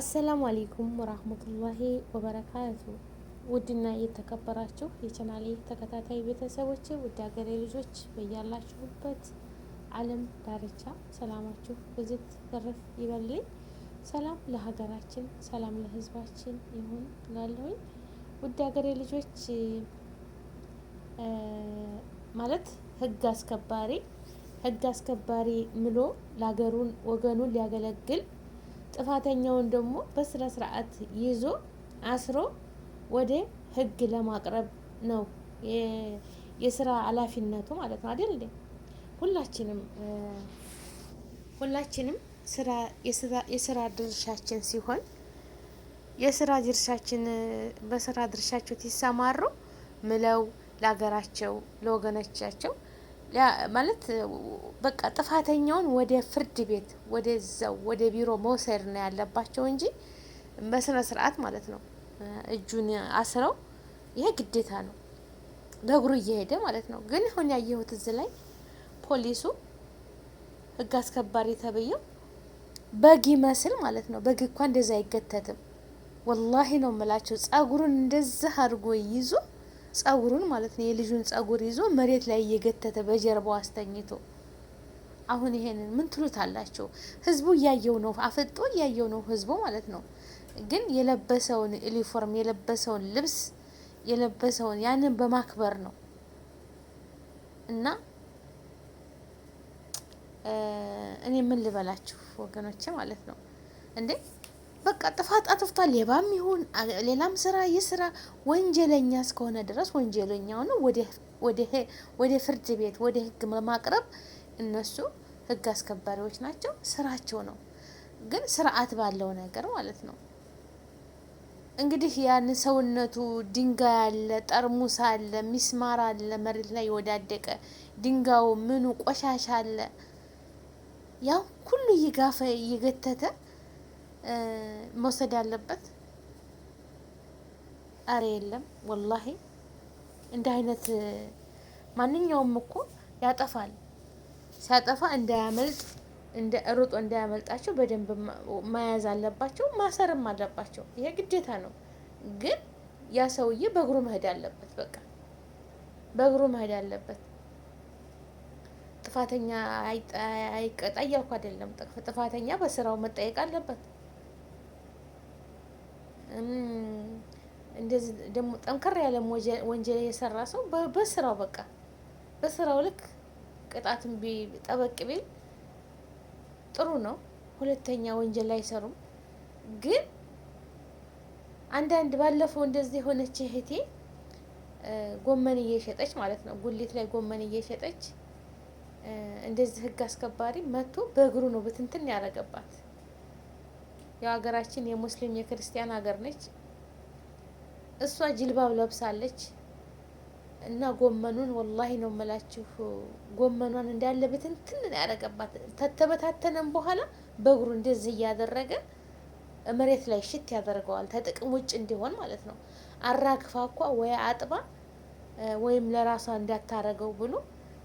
አሰላሙ አሌይኩም ወራህመቱላሂ ወበረካቱ። ውድና የተከበራችሁ የቻናሌ ተከታታይ ቤተሰቦች፣ ውድ ሀገሬ ልጆች በያላችሁበት ዓለም ዳርቻ ሰላማችሁ ብዝት ትርፍ ይበልልኝ። ሰላም ለሀገራችን፣ ሰላም ለሕዝባችን ይሁን ላለሁኝ ውድ ሀገሬ ልጆች ማለት ህግ አስከባሪ ህግ አስከባሪ ምሎ ለሀገሩን ወገኑን ሊያገለግል ጥፋተኛውን ደግሞ በስነ ስርዓት ይዞ አስሮ ወደ ህግ ለማቅረብ ነው የስራ ኃላፊነቱ ማለት ነው አይደል? ሁላችንም ሁላችንም ስራ የስራ ድርሻችን ሲሆን የስራ ድርሻችን በስራ ድርሻቸው ሲሰማሩ ምለው ለሀገራቸው ለወገኖቻቸው ማለት በቃ ጥፋተኛውን ወደ ፍርድ ቤት ወደዛው ወደ ቢሮ መውሰድ ነው ያለባቸው እንጂ በስነ ስርዓት ማለት ነው እጁን አስረው ይሄ ግዴታ ነው። በእግሩ እየሄደ ማለት ነው። ግን አሁን ያየሁት እዚህ ላይ ፖሊሱ ህግ አስከባሪ ተብዬው በግ ይመስል ማለት ነው። በግ እኳ እንደዛ አይገተትም። ወላሂ ነው የምላቸው። ጸጉሩን እንደዚህ አድርጎ ይዞ ጸጉሩን ማለት ነው የልጁን ጸጉር ይዞ መሬት ላይ እየገተተ በጀርባው አስተኝቶ አሁን ይሄንን ምን ትሉት አላቸው? ህዝቡ እያየው ነው፣ አፈጦ እያየው ነው ህዝቡ ማለት ነው። ግን የለበሰውን ዩኒፎርም የለበሰውን ልብስ የለበሰውን ያንን በማክበር ነው እና እኔ ምን ልበላችሁ ወገኖቼ ማለት ነው እንዴ በቃ ጥፋት አጥፍቷል። ሌባም ይሁን ሌላም ስራ ይስራ ወንጀለኛ እስከሆነ ድረስ ወንጀለኛውን ወደ ፍርድ ቤት ወደ ህግ ለማቅረብ እነሱ ህግ አስከባሪዎች ናቸው፣ ስራቸው ነው። ግን ስርዓት ባለው ነገር ማለት ነው። እንግዲህ ያን ሰውነቱ ድንጋይ አለ፣ ጠርሙስ አለ፣ ሚስማር አለ፣ መሬት ላይ የወዳደቀ ድንጋዩ ምኑ ቆሻሻ አለ፣ ያው ሁሉ እየጋፈ እየገተተ መውሰድ ያለበት አረ የለም ወላሂ እንደ አይነት ማንኛውም እኮ ያጠፋል። ሲያጠፋ እንዳያመልጥ እንደ ሩጦ እንዳያመልጣቸው በደንብ መያዝ አለባቸው፣ ማሰርም አለባቸው። ይሄ ግዴታ ነው። ግን ያ ሰውዬ በእግሩ መሄድ አለበት። በቃ በእግሩ መሄድ አለበት። ጥፋተኛ አይቀጣ እያልኩ አይደለም። ጥፋተኛ በስራው መጠየቅ አለበት። እንደዚህ ደግሞ ጠንከር ያለ ወንጀል የሰራ ሰው በስራው በቃ በስራው ልክ ቅጣትን ጠበቅ ቢል ጥሩ ነው። ሁለተኛ ወንጀል አይሰሩም። ግን አንዳንድ ባለፈው እንደዚህ የሆነች እህቴ ጎመን እየሸጠች ማለት ነው፣ ጉሊት ላይ ጎመን እየሸጠች እንደዚህ ህግ አስከባሪ መጥቶ በእግሩ ነው ብትንትን ያደረገባት። ያው ሀገራችን የሙስሊም የክርስቲያን ሀገር ነች። እሷ ጅልባብ ለብሳለች እና ጎመኑን ወላሂ ነው የምላችሁ ጎመኗን እንዳለ ብትንትን ያደረገባት ተተበታተነም በኋላ በእግሩ እንደዚህ እያደረገ መሬት ላይ ሽት ያደርገዋል። ተጥቅም ውጭ እንዲሆን ማለት ነው። አራግፋ እኳ ወይ አጥባ ወይም ለራሷ እንዳታረገው ብሎ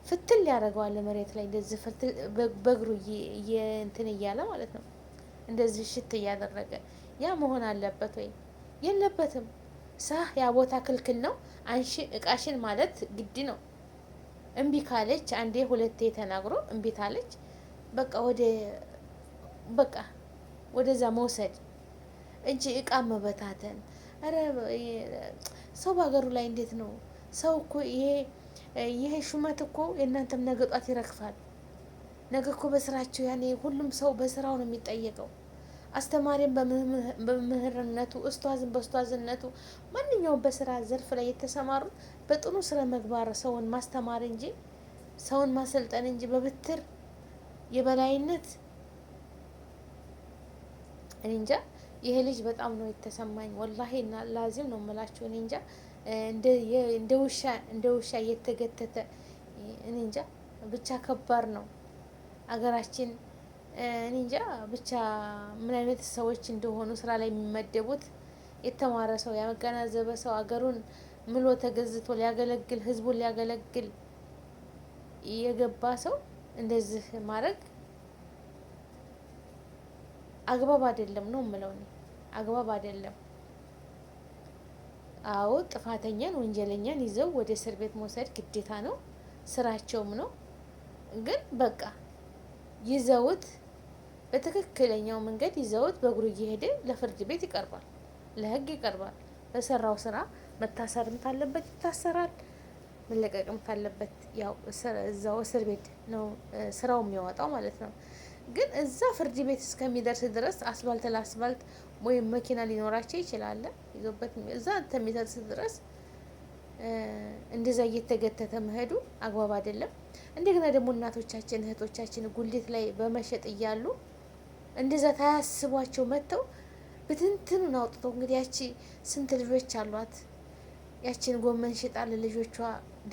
ፍትል ያደረገዋል መሬት ላይ እንደዚህ በእግሩ እንትን እያለ ማለት ነው። እንደዚህ ሽት እያደረገ ያ መሆን አለበት ወይ? የለበትም። ሳህ ያ ቦታ ክልክል ነው። አንሺ እቃሽን ማለት ግድ ነው። እምቢ ካለች አንዴ ሁለቴ ተናግሮ እምቢ ታለች፣ በቃ ወደ በቃ ወደዛ መውሰድ እንጂ እቃ መበታተን። ኧረ ሰው በሀገሩ ላይ እንዴት ነው ሰው እኮ ይሄ ይሄ ሹመት እኮ የእናንተም ነገጧት ይረግፋል። ነገ እኮ በስራቸው ያኔ ሁሉም ሰው በስራው ነው የሚጠየቀው። አስተማሪም በምህርነቱ እስቷዝን በእስቷዝነቱ ማንኛውም በስራ ዘርፍ ላይ የተሰማሩት በጥሩ ስነ ምግባር ሰውን ማስተማር እንጂ ሰውን ማሰልጠን እንጂ በብትር የበላይነት እኔ እንጃ። ይሄ ልጅ በጣም ነው የተሰማኝ ወላሂ እና ላዚም ነው የምላችሁ። እኔ እንጃ እንደ ውሻ እንደ ውሻ እየተገተተ እኔ እንጃ ብቻ ከባድ ነው። አገራችን እንጃ ብቻ ምን አይነት ሰዎች እንደሆኑ ስራ ላይ የሚመደቡት። የተማረ ሰው ያገናዘበ ሰው አገሩን ምሎ ተገዝቶ ሊያገለግል ህዝቡን ሊያገለግል የገባ ሰው እንደዚህ ማድረግ አግባብ አይደለም ነው የምለው እኔ አግባብ አይደለም። አዎ ጥፋተኛን ወንጀለኛን ይዘው ወደ እስር ቤት መውሰድ ግዴታ ነው፣ ስራቸውም ነው። ግን በቃ ይዘውት በትክክለኛው መንገድ ይዘውት በእግሩ እየሄደ ለፍርድ ቤት ይቀርባል፣ ለህግ ይቀርባል። በሰራው ስራ መታሰርም ካለበት ይታሰራል፣ መለቀቅም ካለበት ያው እዛው እስር ቤት ነው ስራው የሚያወጣው ማለት ነው። ግን እዛ ፍርድ ቤት እስከሚደርስ ድረስ አስፋልት ለአስፋልት ወይም መኪና ሊኖራቸው ይችላል። ይዞበት እዛ እስከሚደርስ ድረስ እንደዛ እየተገተተ መሄዱ አግባብ አይደለም። እንደገና ደግሞ እናቶቻችን እህቶቻችን ጉሊት ላይ በመሸጥ እያሉ እንደዛ ታያስቧቸው መጥተው ብትንትኑን አውጥተው እንግዲህ ያቺ ስንት ልጆች አሏት ያቺን ጎመን ሽጣ ለልጆቿ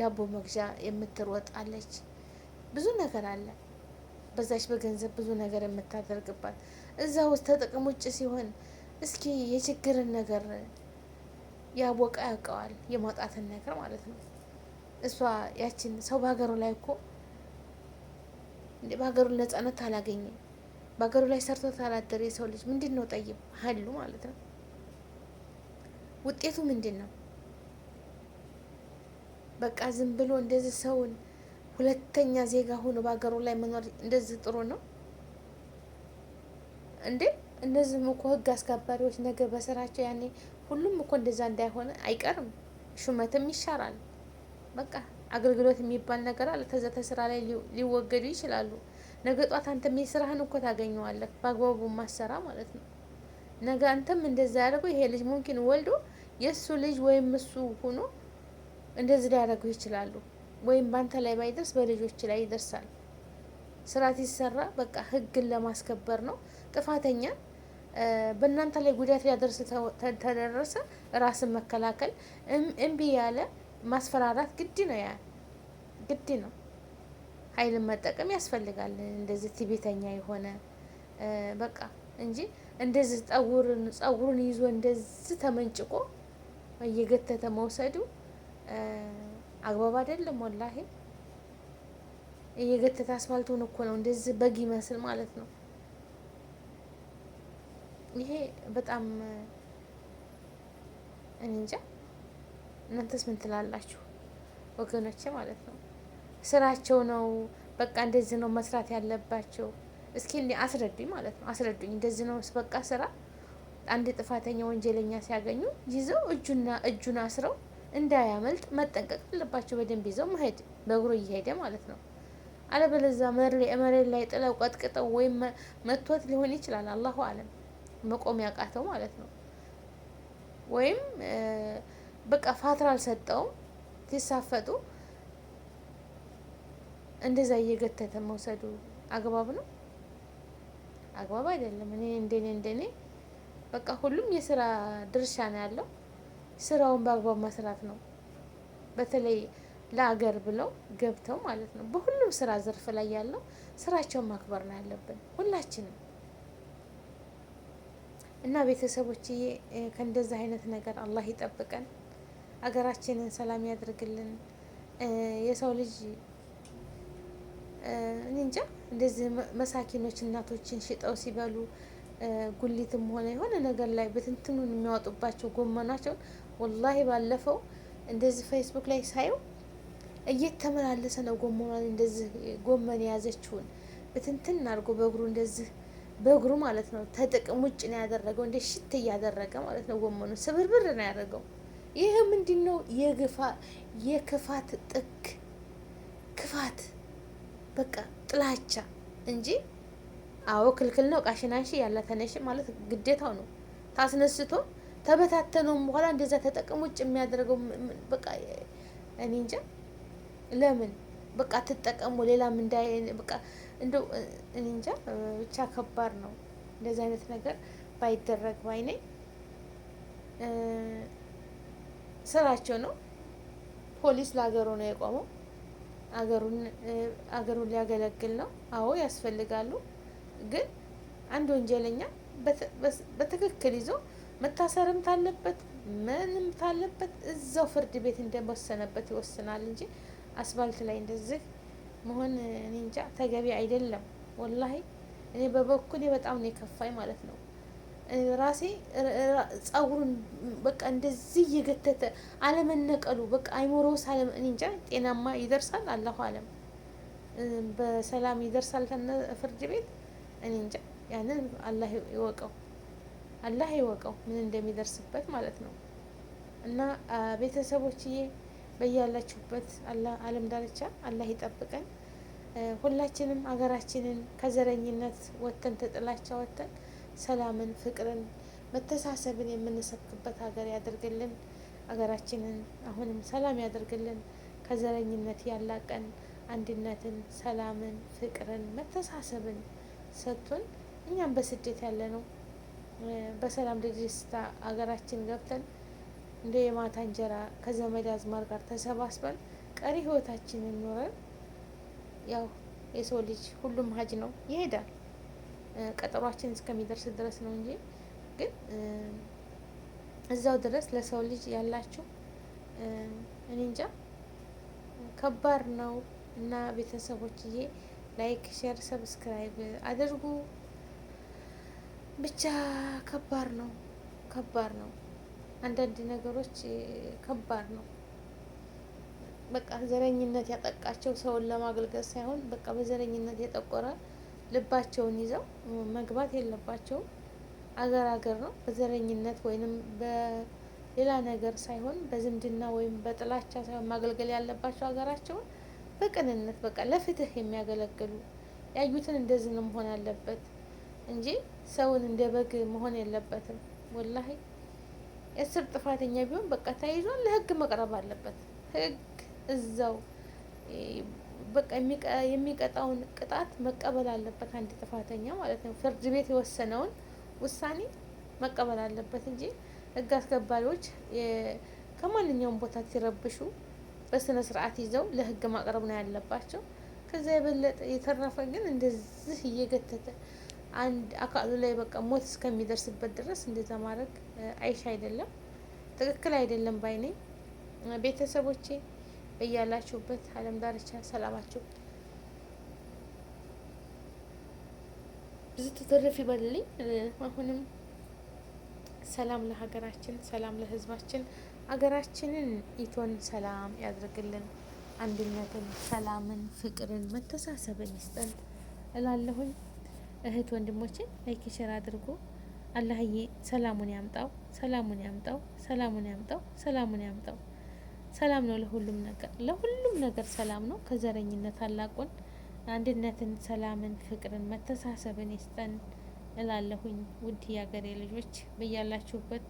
ዳቦ መግዣ የምትሮጣለች። ብዙ ነገር አለ በዛች በገንዘብ ብዙ ነገር የምታደርግባት እዛ ውስጥ ተጥቅም ውጭ ሲሆን እስኪ የችግርን ነገር ያወቀ ያውቀዋል የማውጣትን ነገር ማለት ነው። እሷ ያችን ሰው በሀገሩ ላይ እኮ በሀገሩ ነጻነት አላገኘም። በሀገሩ ላይ ሰርቶ ታላደር የሰው ልጅ ምንድን ነው ጠይብ ሀሉ ማለት ነው። ውጤቱ ምንድን ነው? በቃ ዝም ብሎ እንደዚህ ሰውን ሁለተኛ ዜጋ ሆኖ በሀገሩ ላይ መኖር እንደዚህ ጥሩ ነው እንዴ? እነዚህም እኮ ህግ አስከባሪዎች ነገር በስራቸው ያኔ ሁሉም እኮ እንደዛ እንዳይሆነ አይቀርም። ሹመትም ይሻራል። በቃ አገልግሎት የሚባል ነገር አለ። ከዛ ተስራ ላይ ሊወገዱ ይችላሉ። ነገ ጧት አንተም የስራህን እኮ ታገኘዋለህ፣ በአግባቡ ማሰራ ማለት ነው። ነገ አንተም እንደዛ ያደርገው ይሄ ልጅ ሙምኪን ወልዶ የእሱ ልጅ ወይም እሱ ሆኖ እንደዚህ ሊያደርገው ይችላሉ። ወይም በአንተ ላይ ባይደርስ በልጆች ላይ ይደርሳል። ስራ ሲሰራ በቃ ህግን ለማስከበር ነው ጥፋተኛ በእናንተ ላይ ጉዳት ሊያደርስ ተደረሰ ራስን መከላከል እምቢ ያለ ማስፈራራት ግድ ነው፣ ያ ግድ ነው። ኃይልን መጠቀም ያስፈልጋል። እንደዚህ ትዕቢተኛ የሆነ በቃ እንጂ እንደዚህ ጠውርን ጸጉሩን ይዞ እንደዚህ ተመንጭቆ እየገተተ መውሰዱ አግባብ አይደለም። ወላሂ እየገተተ አስፋልቱን እኮ ነው እንደዚህ በግ ይመስል ማለት ነው ይሄ በጣም እኔ እንጃ። እናንተስ ምን ትላላችሁ ወገኖቼ? ማለት ነው ስራቸው ነው በቃ እንደዚህ ነው መስራት ያለባቸው። እስኪ አስረዱኝ ማለት ነው አስረዱኝ። እንደዚህ ነው በቃ ስራ አንድ ጥፋተኛ ወንጀለኛ ሲያገኙ ይዘው እጁና እጁን አስረው እንዳያመልጥ መጠንቀቅ አለባቸው። በደንብ ይዘው መሄድ በእግሩ እየሄደ ማለት ነው። አለበለዛ መሬት ላይ ጥለው ቀጥቅጠው ወይም መቶት ሊሆን ይችላል። አላሁ አለም። መቆም ያቃተው ማለት ነው። ወይም በቃ ፋትራል አልሰጠውም ሲሳፈጡ እንደዛ እየገተተ መውሰዱ አግባብ ነው? አግባብ አይደለም። እኔ እንደኔ እንደኔ በቃ ሁሉም የስራ ድርሻ ነው ያለው። ስራውን በአግባብ መስራት ነው። በተለይ ለአገር ብለው ገብተው ማለት ነው። በሁሉም ስራ ዘርፍ ላይ ያለው ስራቸውን ማክበር ነው ያለብን ሁላችንም። እና ቤተሰቦችዬ ከእንደዚህ አይነት ነገር አላህ ይጠብቀን፣ አገራችንን ሰላም ያድርግልን። የሰው ልጅ እንጃ እንደዚህ መሳኪኖች እናቶችን ሽጠው ሲበሉ ጉሊትም ሆነ የሆነ ነገር ላይ በትንትኑን የሚያወጡባቸው ጎመናቸውን ወላሂ ባለፈው እንደዚህ ፌስቡክ ላይ ሳየው እየተመላለሰ ነው ጎመኗን እንደዚህ ጎመን የያዘችውን በትንትን አድርጎ በእግሩ እንደዚህ በእግሩ ማለት ነው። ተጥቅም ውጭ ነው ያደረገው። እንደ ሽት እያደረገ ማለት ነው። ወመኑ ስብርብር ነው ያደረገው። ይህ ምንድን ነው? የክፋት ጥግ፣ ክፋት በቃ ጥላቻ እንጂ። አዎ ክልክል ነው። ቃሽናሽ ያለ ተነሽ ማለት ግዴታው ነው። ታስነስቶ ተበታተኑም በኋላ እንደዛ ተጠቅም ውጭ የሚያደርገው በቃ እኔ እንጃ ለምን በቃ ትጠቀሙ ሌላም እንዳይ በቃ እንደው እኔ እንጃ ብቻ ከባድ ነው። እንደዚህ አይነት ነገር ባይደረግ ባይኔ ስራቸው ነው። ፖሊስ ለሀገሩ ነው የቆመው። አገሩን ሊያገለግል ነው። አዎ ያስፈልጋሉ። ግን አንድ ወንጀለኛ በትክክል ይዞ መታሰርም ታለበት ምንም ታለበት እዛው ፍርድ ቤት እንደወሰነበት ይወስናል እንጂ አስፋልት ላይ እንደዚህ መሆን እኔ እንጃ ተገቢ አይደለም። ወላሂ እኔ በበኩሌ በጣም ነው የከፋኝ ማለት ነው። ራሴ ጸጉሩን በቃ እንደዚህ እየገተተ አለመነቀሉ በቃ አይሞሮስ አለ እኔ እንጃ ጤናማ ይደርሳል አላሁ አለም በሰላም ይደርሳል ከነ ፍርድ ቤት እኔ እንጃ። ያንን አላህ ይወቀው፣ አላህ ይወቀው ምን እንደሚደርስበት ማለት ነው። እና ቤተሰቦችዬ በያላችሁበት ዓለም ዳርቻ አላህ ይጠብቀን። ሁላችንም አገራችንን ከዘረኝነት ወጥተን ተጥላቻ ወጥተን ሰላምን፣ ፍቅርን፣ መተሳሰብን የምንሰብክበት ሀገር ያደርግልን። አገራችንን አሁንም ሰላም ያደርግልን። ከዘረኝነት ያላቀን አንድነትን፣ ሰላምን፣ ፍቅርን፣ መተሳሰብን ሰጥቶን እኛም በስደት ያለ ነው በሰላም ደስታ አገራችን ገብተን እንደ የማታ እንጀራ ከዘመድ አዝማር ጋር ተሰባስበን ቀሪ ህይወታችንን ኖረን ያው የሰው ልጅ ሁሉም ሀጅ ነው ይሄዳል። ቀጠሯችን እስከሚደርስ ድረስ ነው እንጂ ግን እዛው ድረስ ለሰው ልጅ ያላችሁ እኔ እንጃ ከባድ ነው እና ቤተሰቦችዬ ላይክ፣ ሼር፣ ሰብስክራይብ አድርጉ። ብቻ ከባድ ነው ከባድ ነው። አንዳንድ ነገሮች ከባድ ነው። በቃ ዘረኝነት ያጠቃቸው ሰውን ለማገልገል ሳይሆን በቃ በዘረኝነት የጠቆረ ልባቸውን ይዘው መግባት የለባቸውም። አገር አገር ነው። በዘረኝነት ወይንም በሌላ ነገር ሳይሆን በዝምድና ወይም በጥላቻ ሳይሆን ማገልገል ያለባቸው ሀገራቸውን በቅንነት በቃ ለፍትህ የሚያገለግሉ ያዩትን እንደዚህ መሆን አለበት እንጂ ሰውን እንደ በግ መሆን የለበትም ወላሂ የስር ጥፋተኛ ቢሆን በቃ ተይዟል፣ ለህግ መቅረብ አለበት። ህግ እዛው በቃ የሚቀጣውን ቅጣት መቀበል አለበት። አንድ ጥፋተኛ ማለት ነው ፍርድ ቤት የወሰነውን ውሳኔ መቀበል አለበት እንጂ ህግ አስከባሪዎች ከማንኛውም ቦታ ሲረብሹ በስነ ስርዓት ይዘው ለህግ ማቅረብ ነው ያለባቸው። ከዛ የበለጠ የተረፈ ግን እንደዚህ እየገተተ አንድ አካሉ ላይ በቃ ሞት እስከሚደርስበት ድረስ እንደዛ ማድረግ አይሻ አይደለም፣ ትክክል አይደለም ባይ ነኝ። ቤተሰቦቼ በያላችሁበት ዓለም ዳርቻ ሰላማችሁ ብዙ ትትርፍ ይበልልኝ። አሁንም ሰላም ለሀገራችን፣ ሰላም ለሕዝባችን። ሀገራችንን ኢቶን ሰላም ያድርግልን፣ አንድነትን፣ ሰላምን፣ ፍቅርን፣ መተሳሰብን ይስጠን እላለሁኝ። እህት ወንድሞችን ላይክ ሼር አድርጉ። አላህዬ ሰላሙን ያምጣው፣ ሰላሙን ያምጣው፣ ሰላሙን ያምጣው፣ ሰላሙን ያምጣው። ሰላም ነው ለሁሉም ነገር፣ ለሁሉም ነገር ሰላም ነው። ከዘረኝነት አላቁን፣ አንድነትን፣ ሰላምን፣ ፍቅርን፣ መተሳሰብን ይስጠን እላለሁኝ። ውድ የአገሬ ልጆች በያላችሁበት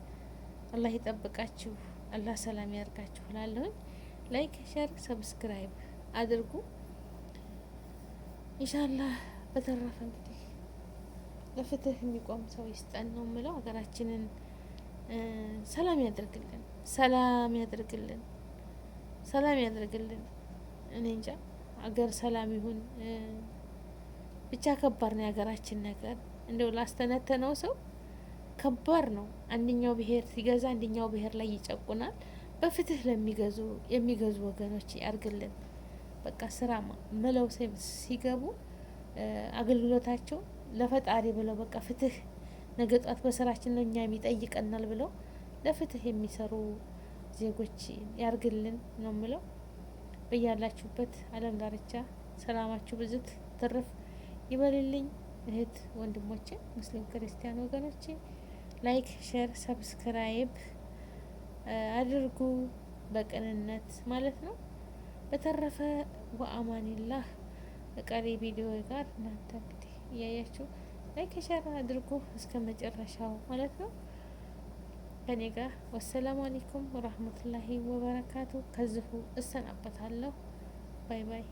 አላህ ይጠብቃችሁ፣ አላህ ሰላም ያርጋችሁ እላለሁኝ። ላይክ ሸር ሰብስክራይብ አድርጉ። ኢንሻአላህ በተረፈ እንግዲህ ለፍትህ የሚቆም ሰው ይስጠን ነው የምለው። ሀገራችንን ሰላም ያደርግልን፣ ሰላም ያደርግልን፣ ሰላም ያደርግልን። እኔ እንጃ ሀገር ሰላም ይሁን ብቻ። ከባድ ነው የሀገራችን ነገር እንደው ላስተነተነው ሰው ከባድ ነው። አንደኛው ብሄር ሲገዛ አንደኛው ብሄር ላይ ይጨቁናል። በፍትህ ለሚገዙ የሚገዙ ወገኖች ያርግልን። በቃ ስራ መለው ሲገቡ አገልግሎታቸው ለፈጣሪ ብለው በቃ ፍትህ ነገ ጧት በስራችን ነው እኛም ይጠይቀናል ብለው ለፍትህ የሚሰሩ ዜጎች ያርግልን ነው ምለው። በያላችሁበት አለም ዳርቻ ሰላማችሁ ብዝት ትርፍ ይበልልኝ። እህት ወንድሞቼ፣ ሙስሊም ክርስቲያን ወገኖቼ ላይክ፣ ሼር፣ ሰብስክራይብ አድርጉ በቅንነት ማለት ነው። በተረፈ ወአማኒላህ ቀሪ ቪዲዮ ጋር እናንተ እያያችሁ ላይክ ሸር አድርጉ እስከ መጨረሻው ማለት ነው። ከኔ ጋር ወሰላሙ አሌይኩም ወራህመቱላሂ ወበረካቱ። ከዚሁ እሰናበታለሁ። ባይ ባይ።